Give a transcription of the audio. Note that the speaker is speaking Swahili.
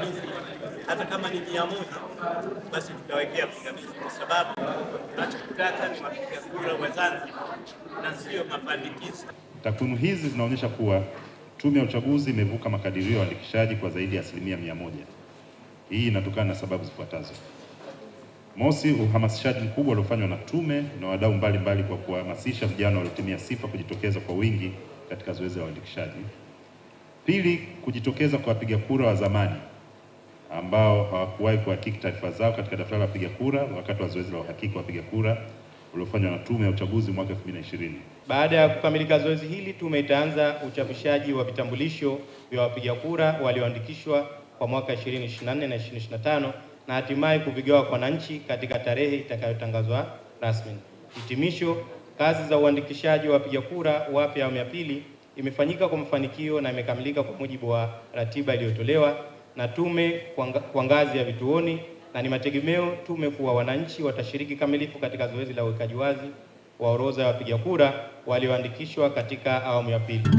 pingamizi, hata kama ni mia moja basi tutawekea pingamizi, kwa sababu tunachotaka ni wapiga kura wa Zanzibar na sio mapandikizo. Takwimu hizi zinaonyesha kuwa Tume ya Uchaguzi imevuka makadirio ya uandikishaji kwa zaidi ya asilimia mia moja. Hii inatokana na sababu zifuatazo. Mosi, uhamasishaji mkubwa uliofanywa na tume na wadau mbalimbali kwa kuhamasisha vijana waliotimia sifa kujitokeza kwa wingi katika zoezi la uandikishaji. Pili, kujitokeza kwa wapiga kura wa zamani ambao hawakuwahi kuhakiki taarifa zao katika daftari la wapiga kura wakati wa zoezi la uhakiki wa wapiga kura uliofanywa na Tume ya Uchaguzi mwaka 2020. Baada ya kukamilika zoezi hili, tume itaanza uchapishaji wa vitambulisho vya wapiga kura walioandikishwa kwa mwaka 2024 na 2025 na hatimaye kuvigawa kwa wananchi katika tarehe itakayotangazwa rasmi. Hitimisho, kazi za uandikishaji wa wapiga kura wapya awamu ya pili imefanyika kwa mafanikio na imekamilika kwa mujibu wa ratiba iliyotolewa na tume kwa ngazi ya vituoni, na ni mategemeo tume kuwa wananchi watashiriki kamilifu katika zoezi la uwekaji wazi wa orodha ya wapiga kura walioandikishwa katika awamu ya pili.